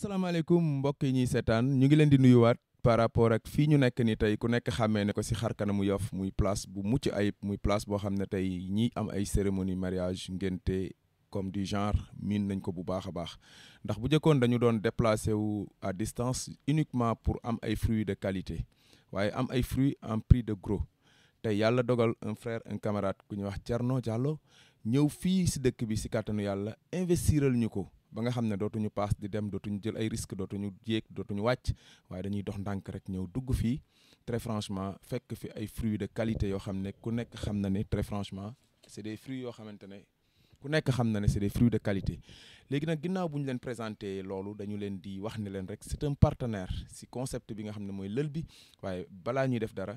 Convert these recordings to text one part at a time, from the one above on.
asalaamaaleykum mbokk yi ñuy seetaan ñu ngi leen di nuyuwaat par rapport ak fi ñu nekk ni tey ku nekk xàmmee ne ko si xarkanamu yof muy place bu mucc ayib muy place boo xam ne tey ñi am ay cérémonie mariage ngénte comme du genre miin nañ ko bu baax a baax ndax bu njëkkoon dañu doon déplacé wu à distance uniquement pour am ay fruits de qualité waaye am ay fruits en prix de gros tey yàlla dogal un frère un camarade ku ñuy wax Thierno Diallo ñëw fii si dëkk bi si kàttanu yàlla investiral ñu ko ba nga xam ne dootuñu paas di dem dootuñu jël ay risque dootuñu jéeg dootuñu wàcc waaye dañuy dox ndànk rek ñëw dugg fii très franchement fekk fi ay fruits de qualité yoo xam ne ku nekk xam na ne très franchement c'est des fruits yoo xamante ne ku nekk xam na ne c'est des fruits de qualité léegi nag ginnaaw bu ñu leen présenté loolu dañu leen di wax ne leen rek c'est un partenaire si concept bi nga xam ne mooy lël bi waaye balaa ñuy def dara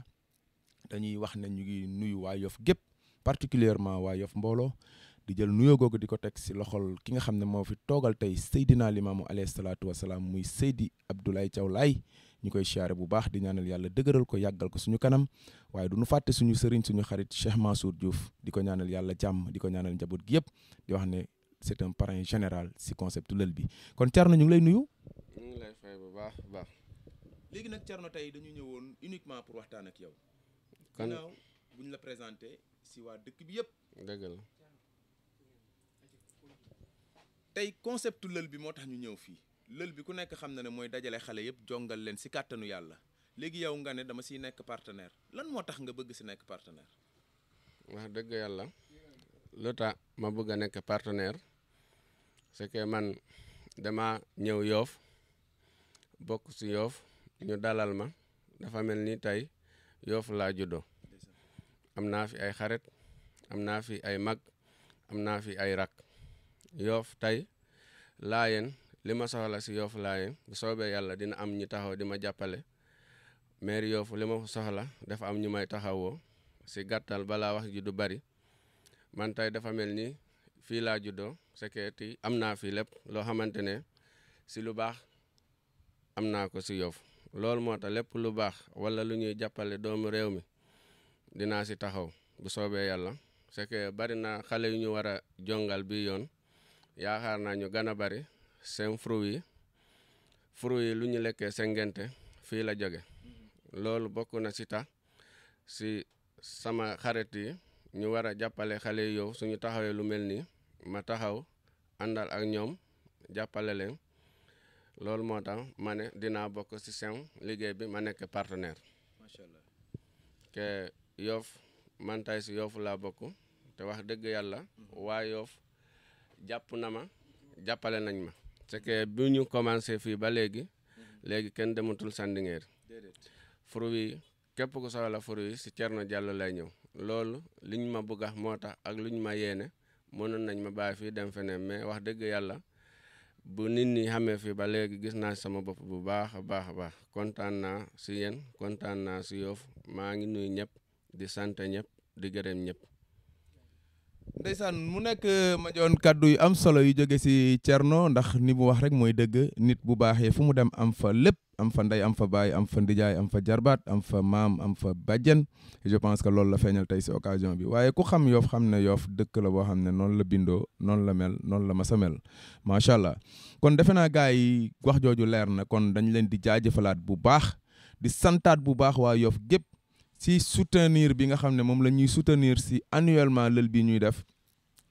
dañuy wax ne ñu ngi nuyu waa gépp particulièrement waa Yoff mbooloo di jël nuyoo googu di ko teg si loxol ki nga xam ne moo fi toogal tey Seydina Limaamu alayhi salaatu wasalaam muy Seydi Abdoulaye Thiaw Laye ñu koy siyaare bu baax di ñaanal yàlla dëgëral ko yàggal ko suñu kanam waaye du fàtte suñu sëriñ suñu xarit Cheikh Mansour Diouf di ko ñaanal yàlla jàmm di ko ñaanal njaboot gi yëpp di wax ne c'est un parrain général si concept lël bi kon Thierno ñu ngi lay nuyu. ñu ngi lay fay bu baax bu léegi nag Thierno tey dañu ñëwoon uniquement pour waxtaan yow. kan bu la présenté si dëkk bi yëpp. dëgg la. tey concept lël bi moo tax ñu ñëw fii lël bi ku nekk xam na ne mooy dajale xale yëpp jongal leen si kàttanu yàlla léegi yow nga ne dama siy nekk partenaire lan moo tax nga bëgg si nekk partenaire. wax dëgg yàlla lu tax ma bëgg a nekk partenaire c'est que man dama ñëw yoof bokk si yoof ñu dalal ma dafa mel ni tey yoof laa juddoo am naa fi ay xarit am naa fi ay mag am naa fi ay rak yoof tey laayeen li ma soxla si yoofu laayeen bu soobee yàlla dina am ñu taxaw di ma jàppale maire yoofu li ma soxla dafa am ñu may taxawoo si gàttal balaa wax ji du bari man tey dafa mel ni fii laa juddoo sekkeeti am naa fii lépp loo xamante ne si lu baax am naa ko si yoofu loolu moo tax lépp lu baax wala lu ñuy jàppale doomu réew mi dinaa si taxaw bu soobee yàlla c'est bari na xale yu ñu war a jongal bi yoon yaakaar naa ñu gën a bari seen fruit yi fruit yi lu ñu lekkee seen ngente fii la jóge loolu bokk na si tax si sama xarit yi ñu war a jàppale xale yi yow suñu taxawee lu mel nii ma taxaw àndal ak ñoom jàppale leen loolu moo tax ma ne dinaa bokk si seen liggéey bi ma nekk partenaire macha allah ke yoof man si yoofu laa bokk te wax dëgg yàlla mm-hmm. waa yoof jàpp na ma jàppale nañ ma c'est bi ñu commencé fii ba léegi mhm. léegi kenn dematul Sandinguer furu wi képp ku soxla furu wi si Thierno Diallo lay ñëw loolu liñ ma bëgg a moo tax ak lu ñu ma yéene mënoon nañ ma bàyyi fii dem feneen mais wax dëgg yàlla bu nit ñi xamee fii ba léegi gis naa sama bopp bu baax a baax a baax kontaan naa si yéen kontaan naa si Yoff maa ngi nuyu ñëpp di sant ñëpp di gërëm ñëpp ndeysaan mu nekk euh, ma joon kàddu yu am solo yu jóge si Thierno ndax ni mu wax rek mooy dëgg nit bu baaxee fu mu dem am fa lépp am fa ndey am fa baay am fa ndijaay am fa jarbaat am fa maam am fa bàjjen je pense que loolu la feeñal tey si occasion bi waaye ku xam yoof xam ne yoof dëkk la boo xam ne noonu la bindoo noonu la mel noonu la masa mel macha allah kon defe naa gars yi wax jooju leer na kon dañ leen di jaajëfalaat bu baax di santaat bu baax waa yoof gépp si soutenir bi nga xam ne moom la ñuy soutenir si annuellement lël bi ñuy def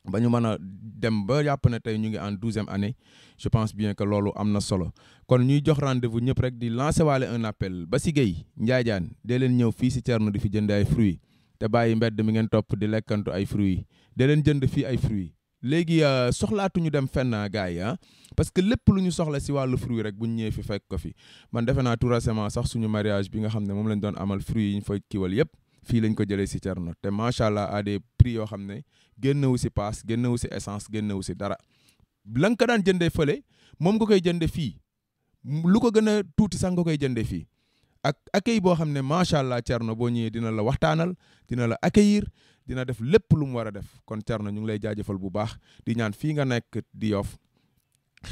ba ñu mën a dem ba yàpp na tey ñu ngi en douzième année je pense bien que loolu am na solo kon ñuy jox rendez-vous ñëpp rek di lancer waale un appel ba si Guèye Njaajaan dee leen ñëw fii si Thierno di fi jënd ay fruits te bàyyi mbedd mi ngeen topp di lekkantu ay fruits dee leen jënd fii ay fruits léegi euh, soxlaatuñu dem fenn gars ya ah parce que lépp lu ñu soxla si wàllu fruit rek bu ñu ñëwee fi fekk ko fi man defe naa tout récemment sax suñu mariage bi nga xam ne moom lañ doon amal fruits yi ñu fay kiwal yëpp fii lañ ko jëlee si Thierno te macha allah à des yoo xam ne génnewu si paas génnewu si essence génnewu si dara la nga ko daan jëndee fële moom nga koy jëndee fii lu ko gën a tuuti sax nga koy jëndee fii ak accueil boo xam ne macha allah Thierno boo ñëwee dina la waxtaanal dina la accueillir dina def lépp lu mu war a def kon Thierno ñu ngi lay jaajëfal bu baax di ñaan fii nga nekk di Yoff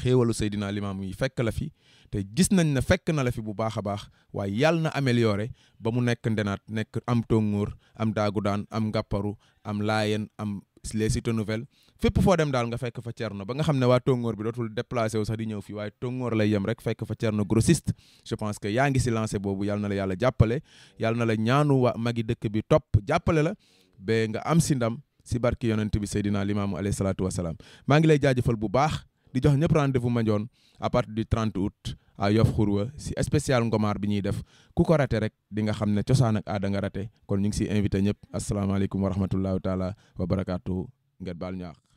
xéewalu Seydina Limaamu yi fekk la fi te gis nañ ne fekk na la fi bu baax a baax waaye yàlla na amélioré ba mu nekk ndenaat nekk am tóngoor am daagu daan am ngàpparu am laayen am les cités nouvelles fépp foo dem daal nga fekk fa Thierno ba nga xam ne waa tongoor bi dootul déplacé wu sax di ñëw fii waaye tóngoor lay yem rek fekk fa Thierno grossiste je pense que yaa ngi si lancé boobu yàlla na la yàlla jàppale yàlla na la ñaanu waa magi dëkk bi top jàppale la ba nga am si ndam si barki yonent bi Seydina Limaamu alayhi salaatu wasalaam maa ngi lay jaajëfal bu baax di jox ñëpp rendez-vous Mandione à partir du 30 août à Yoff Xurwa si spécial Ngomar bi ñuy def ku ko raté rek di nga xam ne cosaan ak aada nga raté kon ñu ngi siy invité ñëpp asalaamaaleykum wa rahmatullahi taala wa barakaatu ngeen baal ñaax